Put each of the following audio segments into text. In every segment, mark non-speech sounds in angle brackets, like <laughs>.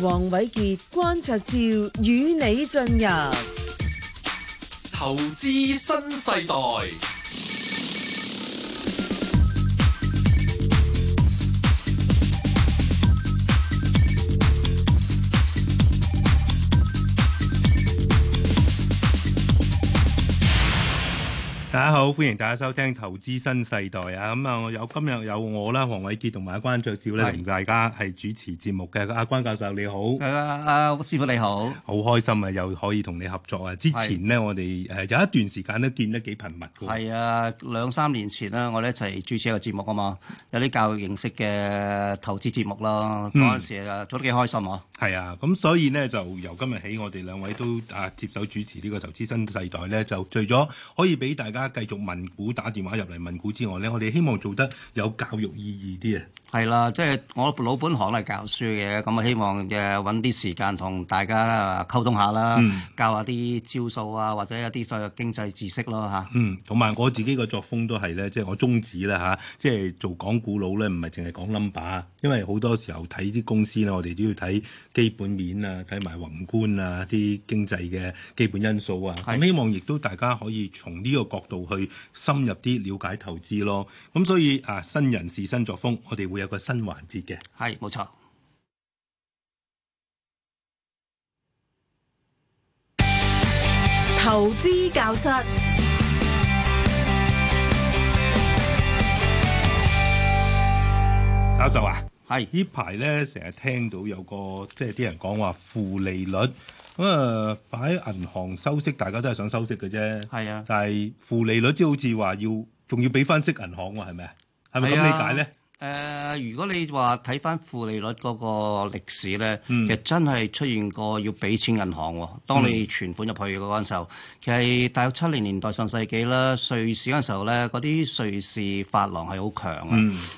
黃偉傑關察照，與你進入投資新世代。大家好，歡迎大家收聽《投資新世代》啊！咁、嗯、啊，我有今日有我啦，黃偉傑同埋阿關卓少咧同是大家係主持節目嘅。阿、啊、關教授你好，啊，阿師傅你好，好開心啊！又可以同你合作啊！之前呢，是我哋誒有一段時間都見得幾頻密嘅。係啊，兩三年前啦，我哋一齊主持一個節目啊嘛，有啲教育形式嘅投資節目咯。嗰陣時、嗯、啊，做得幾開心啊！係啊，咁所以呢，就由今日起，我哋兩位都啊接手主持呢、這個《投資新世代》咧，就除咗可以俾大家。繼續問股打電話入嚟問股之外咧，我哋希望做得有教育意義啲啊！係啦，即係我老本行係教書嘅，咁啊希望嘅揾啲時間同大家溝通下啦，嗯，教下啲招數啊，或者一啲所謂經濟知識咯吓，嗯，同埋我自己個作風都係咧，即係我宗旨啦吓，即係做講古佬咧，唔係淨係講 number，因為好多時候睇啲公司咧，我哋都要睇基本面啊，睇埋宏觀啊，啲經濟嘅基本因素啊，咁希望亦都大家都可以從呢個角度，去深入啲了解投資咯，咁、嗯、所以啊，新人事新作風，我哋會有個新環節嘅。係，冇錯。投資教室，教授啊，係是呢排呢，成日聽到有個即係啲人講話負利率。咁啊，擺、呃、銀行收息，大家都係想收息嘅啫。係啊，但係負利率，即係好似話要，仲要俾翻息銀行喎，係咪啊？係咪咁理解咧？誒，如果你話睇翻負利率嗰個歷史咧，嗯、其實真係出現過要俾錢銀行，當你存款入去嗰陣時候，嗯、其實大約七零年代上世紀啦，瑞士嗰陣時候咧，嗰啲瑞士法郎係好強啊。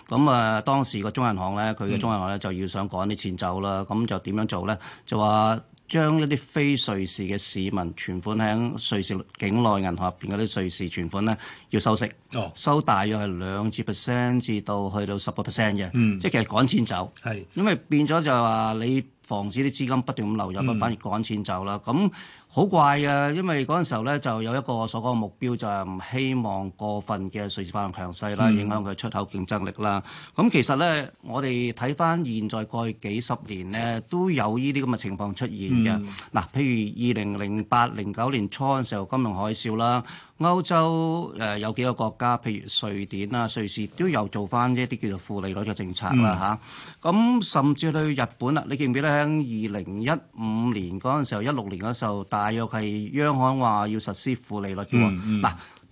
咁啊、嗯呃，當時個中銀行咧，佢嘅中銀行咧就要想趕啲錢走啦，咁就點樣做咧？就話。將一啲非瑞士嘅市民存款喺瑞士境內銀行入邊嗰啲瑞士存款咧，要收息，哦、收大約係兩至 percent 至到去到十個 percent 嘅，嗯、即係其實趕錢走，是因為變咗就係話你防止啲資金不斷咁流入，咁、嗯、反而趕錢走啦咁。好怪啊！因為嗰陣時候咧，就有一個所講嘅目標就係唔希望過分嘅瑞士法郎強勢啦，影響佢出口競爭力啦。咁其實咧，我哋睇翻現在過去幾十年咧，都有呢啲咁嘅情況出現嘅。嗱，譬如二零零八零九年初嘅時候，金融海嘯啦，歐洲誒有幾個國家，譬如瑞典啊、瑞士，都又做翻一啲叫做負利率嘅政策啦嚇。咁甚至去日本啦，你記唔記得喺二零一五年嗰陣時候、一六年嗰時候大？大約係央行話要實施負利率喎。嗱、嗯，嗯、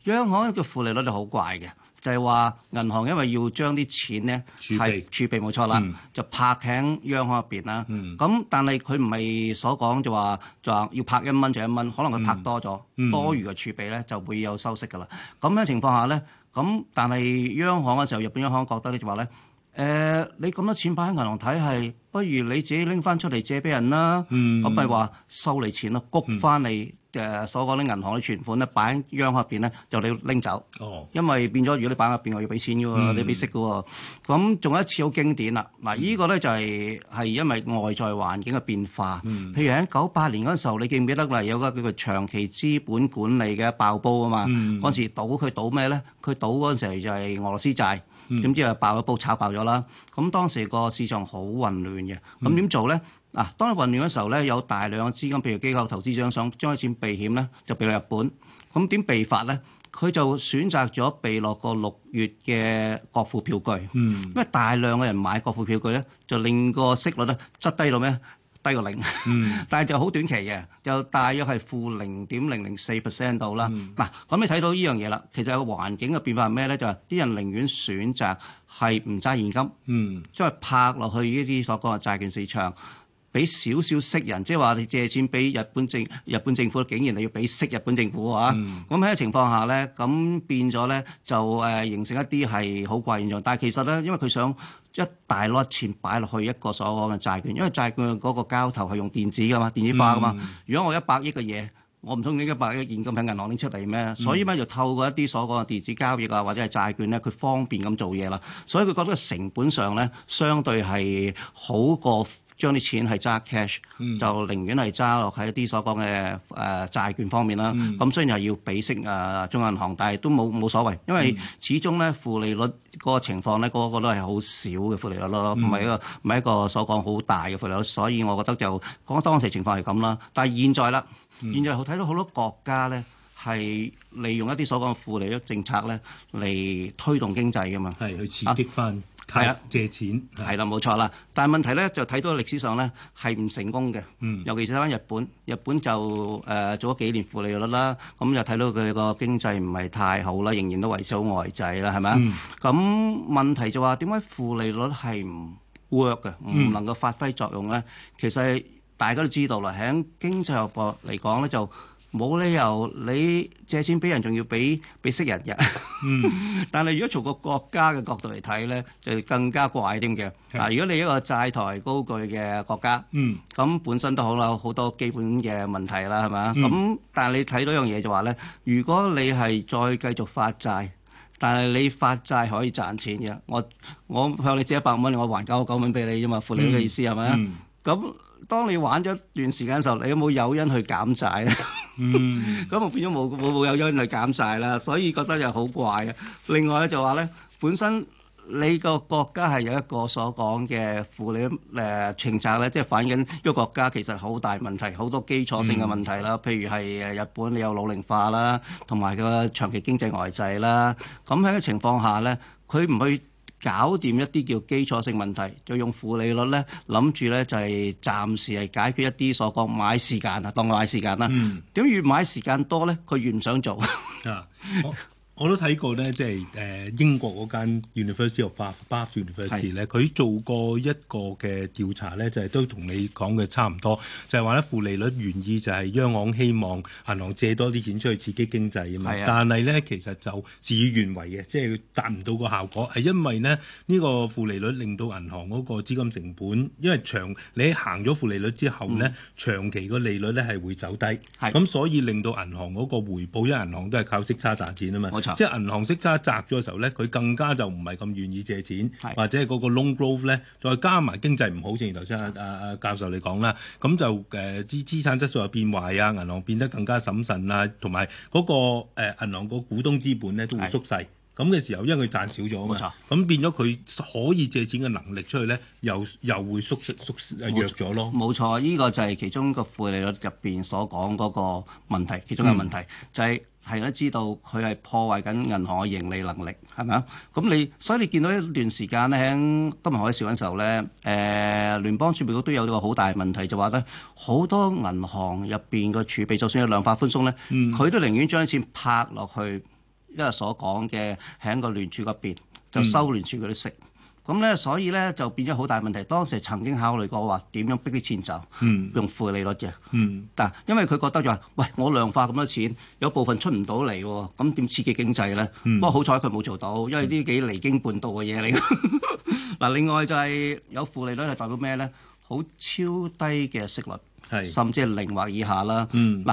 央行嘅負利率就好怪嘅，就係話銀行因為要將啲錢咧儲備儲備冇錯啦，嗯、就拍喺央行入邊啦。咁、嗯、但係佢唔係所講就話就話要拍一蚊就一蚊，可能佢拍多咗、嗯、多餘嘅儲備咧就會有收息㗎啦。咁樣情況下咧，咁但係央行嘅時候，日本央行覺得咧就話咧。誒、呃，你咁多錢擺喺銀行睇，係不如你自己拎翻出嚟借俾人啦。咁咪話收錢你錢咯，谷翻你誒，所講啲銀行嘅存款咧，擺喺、嗯、央行入邊咧，就你要拎走。哦，因為變咗，如果你擺入邊，我要俾錢嘅喎，你要俾息嘅喎。咁仲有一次好經典啦。嗱、嗯，呢個咧就係係因為外在環境嘅變化。嗯、譬如喺九八年嗰陣時候，你記唔記得嗱，有個叫做長期資本管理嘅爆煲啊嘛？嗰陣、嗯、時賭佢賭咩咧？佢賭嗰陣時就係俄羅斯債。點知啊爆咗煲，炒爆咗啦！咁當時個市場好混亂嘅，咁點做咧？嗱，當混亂嘅時候咧，有大量嘅資金，譬如機構投資者想將啲錢避險咧，就避到日本。咁點避法咧？佢就選擇咗避落個六月嘅國庫票據。嗯，因為大量嘅人買國庫票據咧，就令個息率咧執低到咩？低過零，嗯、但係就好短期嘅，就大約係負零點零零四 percent 度啦。嗱，嗯、可唔可以睇到呢樣嘢啦，其實個環境嘅變化係咩咧？就係、是、啲人寧願選擇係唔揸現金，即係、嗯、拍落去呢啲所講嘅債券市場。俾少少息人，即係話你借錢俾日，日本政日本政府，竟然你要俾息日本政府啊！咁喺個情況下咧，咁變咗咧就誒形成一啲係好怪現象。但係其實咧，因為佢想一大攞錢擺落去一個所講嘅債券，因為債券嗰個交頭係用電子噶嘛，電子化噶嘛。嗯、如果我一百億嘅嘢，我唔通呢一百億現金喺銀行拎出嚟咩？所以咧就透過一啲所講嘅電子交易啊，或者係債券咧，佢方便咁做嘢啦。所以佢覺得成本上咧，相對係好過。將啲錢係揸 cash，就寧願係揸落喺啲所講嘅誒債券方面啦。咁、嗯、雖然係要比息誒中、呃、銀行，但係都冇冇所謂。因為始終咧負利率嗰個情況咧，個個，個都係好少嘅負利率咯，唔係、嗯、一個唔係一個所講好大嘅負利率。所以我覺得就講當時情況係咁啦。但係現在啦，嗯、現在好睇到好多國家咧係利用一啲所講嘅負利率政策咧嚟推動經濟㗎嘛，係去刺激翻。係啊，借錢係啦，冇錯啦。但係問題咧就睇到歷史上咧係唔成功嘅。嗯，尤其是睇翻日本，日本就誒、呃、做咗幾年負利率啦，咁又睇到佢個經濟唔係太好啦，仍然都維持好呆滯啦，係咪啊？咁、嗯、問題就話點解負利率係唔 work 嘅，唔能夠發揮作用咧？嗯、其實大家都知道啦，喺經濟學嚟講咧就。冇理由，你借錢俾人仲要俾俾息人嘅。 <laughs> 但係，如果從個國家嘅角度嚟睇咧，就更加怪啲嘅。是啊，如果你一個債台高築嘅國家，咁、嗯、本身都好啦，好多基本嘅問題啦，係咪？咁、嗯、但係你睇到一樣嘢就話、是、咧，如果你係再繼續發債，但係你發債可以賺錢嘅，我我向你借一百蚊，我還九十九蚊俾你啫嘛，負利嘅意思係咪啊？咁當你玩咗一段時間嘅時候，你有冇誘因去減債咧？ <laughs> 嗯，咁啊 <laughs> 變咗冇冇冇有因去嚟減曬啦，所以覺得又好怪啊。另外咧就話咧，本身你個國家係有一個所講嘅負利誒、呃、情勢咧，即係反映一個國家其實好大問題，好多基礎性嘅問題啦。嗯、譬如係誒日本，你有老齡化啦，同埋佢個長期經濟外債啦。咁喺個情況下咧，佢唔去，搞掂一啲叫基礎性問題，就用負利率咧，諗住咧就係暫時係解決一啲所謂買時間啊，當買時間啦。點、嗯、越買時間多咧，佢越唔想做。 <laughs> 啊我都睇過呢，即係誒英國嗰間 University of Bath, Bath University 咧的，佢做過一個嘅調查咧，就係、是、都同你講嘅差唔多，就係話咧負利率原意就係央行希望銀行借多啲錢出去刺激經濟啊嘛。的但係咧其實就事與願違嘅，即、就、係、是、達唔到個效果，係因為呢，呢、這個負利率令到銀行嗰個資金成本，因為長你行咗負利率之後咧，嗯、長期個利率咧係會走低，咁的所以令到銀行嗰個回報，因為銀行都係靠息差賺錢啊嘛。即係銀行息差窄咗嘅時候咧，佢更加就唔係咁願意借錢，是或者嗰個 loan growth 咧，再加埋經濟唔好，正如頭先阿阿教授你講啦，咁就誒資、呃、資產質素又變壞啊，銀行變得更加審慎啊，同埋嗰個誒、呃、銀行個股東資本咧都會縮細。咁嘅時候，因為佢賺少咗啊嘛，咁冇錯變咗佢可以借錢嘅能力出去咧，又又會縮縮，縮弱咗咯。冇錯，呢、呢個就係其中個負利率入邊所講嗰個問題，其中嘅問題、嗯、就係係都知道佢係破壞緊銀行嘅盈利能力，係咪啊？咁你所以你見到一段時間咧，喺金融海嘯嗰陣時候咧，誒、呃、聯邦儲備局都有呢個好大問題，就話咧好多銀行入邊個儲備，就算有量化寬鬆咧，佢、嗯、都寧願將錢泊落去。因為所講嘅喺個聯儲嗰邊就收聯儲嗰啲息，咁咧、嗯、所以咧就變咗好大問題。當時曾經考慮過話點樣逼啲錢走，嗯、用負利率嘅。嗯、但因為佢覺得就話：喂，我量化咁多錢，有部分出唔到嚟，咁點刺激經濟咧？不過、嗯、好彩佢冇做到，因為呢幾離經叛道嘅嘢嚟。嗱， <laughs> 另外就係有負利率係代表咩咧？好超低嘅息率，是甚至零或以下啦。嗱、嗯。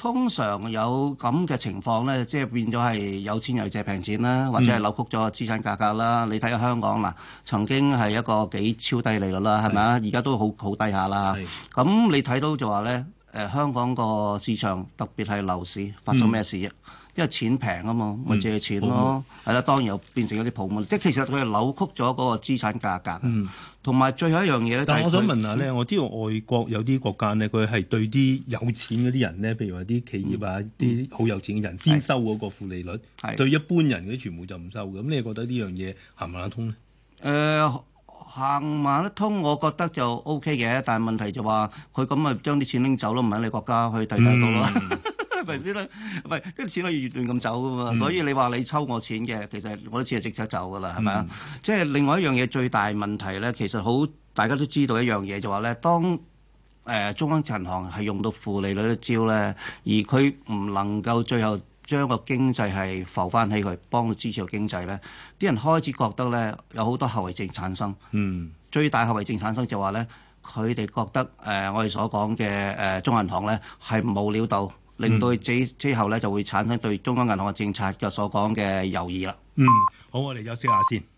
通常有咁嘅情況呢，即係變咗係有錢又借平錢啦，或者係扭曲咗資產價格啦。嗯、你睇下香港嗱，曾經係一個幾超低利率啦，係咪啊？而家是都好好低下啦。咁是你睇到就話呢，誒、呃、香港個市場特別係樓市發生咩事啊？嗯因為錢平啊嘛，咪借錢咯，係啦。當然又變成一啲泡沫，即係其實佢係扭曲咗嗰個資產價格。同埋最後一樣嘢咧，但我想問下咧，我知道外國有啲國家咧，佢係對啲有錢嗰啲人咧，譬如話啲企業啊，啲好有錢嘅人先收嗰個負利率，對一般人嗰啲全部就唔收咁。你覺得呢樣嘢行唔行得通咧？誒，行唔行得通？我覺得就 OK 嘅，但係問題就話佢咁啊，將啲錢拎走咯，唔喺你國家去第二度啦。係咪先啦？唔係啲錢可以越亂咁走噶嘛，嗯、所以你話你抽我錢嘅，其實我啲錢係、嗯、即刻走噶啦，係咪啊？即係另外一樣嘢最大問題咧，其實好大家都知道一樣嘢就話、是、咧，當誒、呃、中央銀行係用到負利率一招咧，而佢唔能夠最後將個經濟係浮翻起佢，幫到支持個經濟咧，啲人開始覺得咧有好多後遺症產生。嗯，最大後遺症產生就話、是、咧，佢哋覺得誒、呃、我哋所講嘅誒中銀行咧係冇料到。令到之之後咧，就會產生對中央銀行嘅政策嘅所講嘅猶豫啦。嗯，好，我哋休息一下先。